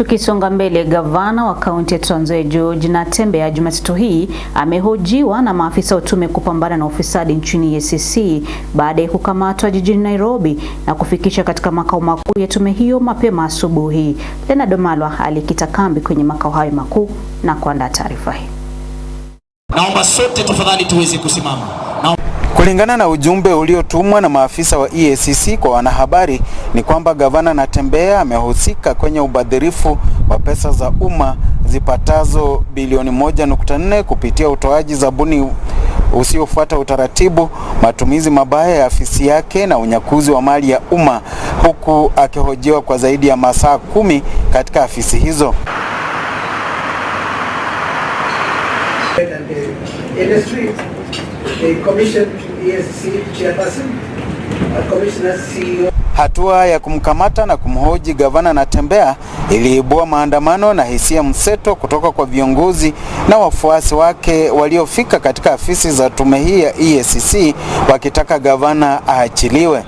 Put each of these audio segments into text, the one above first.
Tukisonga mbele, gavana wa kaunti ya Trans Nzoia George Natembeya Jumatatu hii amehojiwa na maafisa wa tume kupambana na ufisadi nchini EACC baada ya kukamatwa jijini Nairobi na kufikisha katika makao makuu ya tume hiyo mapema asubuhi. Leonard Domalwa alikita kambi kwenye makao hayo makuu na kuandaa taarifa hii. Naomba sote tafadhali tuweze kusimama. Naomba... Kulingana na ujumbe uliotumwa na maafisa wa EACC kwa wanahabari ni kwamba gavana Natembeya amehusika kwenye ubadhirifu wa pesa za umma zipatazo bilioni 1.4 kupitia utoaji zabuni usiofuata utaratibu, matumizi mabaya ya afisi yake na unyakuzi wa mali ya umma, huku akihojiwa kwa zaidi ya masaa kumi katika afisi hizo. and the industry. The commission ESC chairperson, commissioner CEO. Hatua ya kumkamata na kumhoji gavana Natembeya iliibua maandamano na hisia mseto kutoka kwa viongozi na wafuasi wake waliofika katika afisi za tume hii ya EACC wakitaka gavana aachiliwe.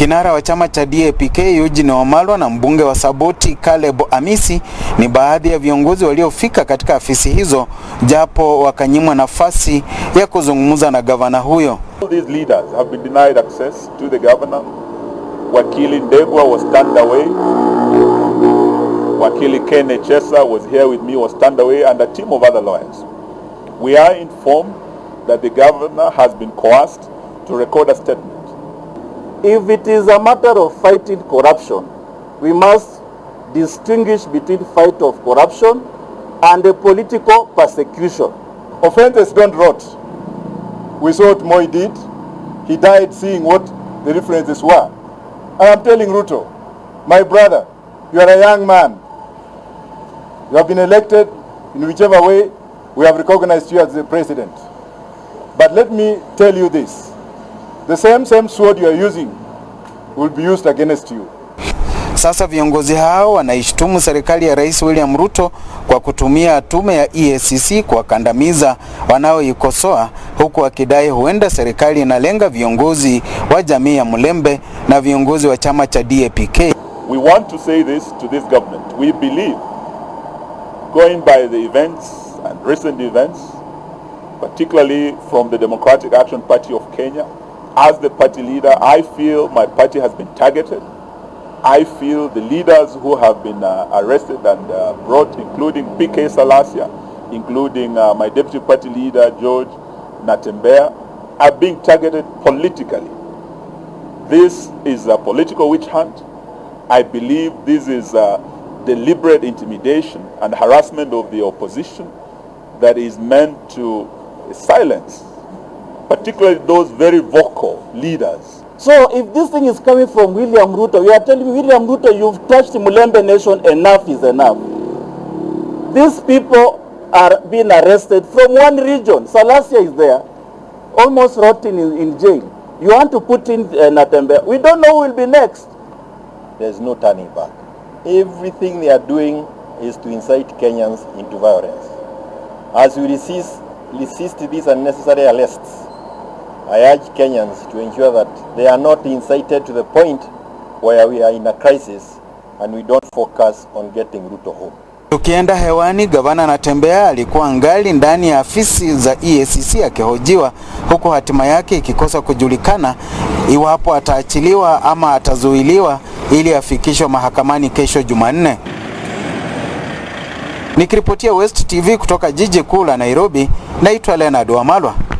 Kinara wa chama cha DAPK Eugene Wamalwa na mbunge wa Saboti Caleb Amisi ni baadhi ya viongozi waliofika katika afisi hizo, japo wakanyimwa nafasi ya kuzungumza na gavana huyo. All these leaders have been denied access to the governor. Wakili Ndegwa was turned away. Wakili Ken Chesa was here with me, was turned away, and a team of other lawyers. We are informed that the governor has been coerced to record a statement. If it is a matter of fighting corruption, we must distinguish between fight of corruption and a political persecution. Offenses don't rot. We saw what Moi did. He died seeing what the references were. I'm telling Ruto, my brother, you are a young man. You have been elected in whichever way we have recognized you as the president. But let me tell you this. The same same sword you are using will be used against you. Sasa viongozi hao wanaishtumu serikali ya Rais William Ruto kwa kutumia tume ya EACC kuwakandamiza wanaoikosoa huku wakidai huenda serikali inalenga viongozi wa jamii ya Mlembe na viongozi wa chama cha DAPK. We want to say this to this government. We believe going by the events and recent events particularly from the Democratic Action Party of Kenya as the party leader, I feel my party has been targeted. I feel the leaders who have been uh, arrested and uh, brought, including PK Salasia, including uh, my deputy party leader, George Natembea, are being targeted politically. This is a political witch hunt. I believe this is deliberate intimidation and harassment of the opposition that is meant to silence particularly those very vocal leaders. So if this thing is coming from William Ruto, we are telling you, William Ruto, you've touched Mulembe Nation, enough is enough. These people are being arrested from one region. Salasia is there, almost rotting in, in jail. You want to put in uh, Natembe. We don't know who will be next. There's no turning back. Everything they are doing is to incite Kenyans into violence. As we resist, resist these unnecessary arrests, I urge Kenyans to ensure that they are not incited to the point where we are in a crisis and we don't focus on getting Ruto home. Tukienda hewani, gavana Natembeya alikuwa ngali ndani ya afisi za EACC akihojiwa, huku hatima yake ikikosa kujulikana iwapo ataachiliwa ama atazuiliwa ili afikishwe mahakamani kesho Jumanne. Nikiripotia West TV kutoka jiji kuu la Nairobi, naitwa Leonard Wamalwa.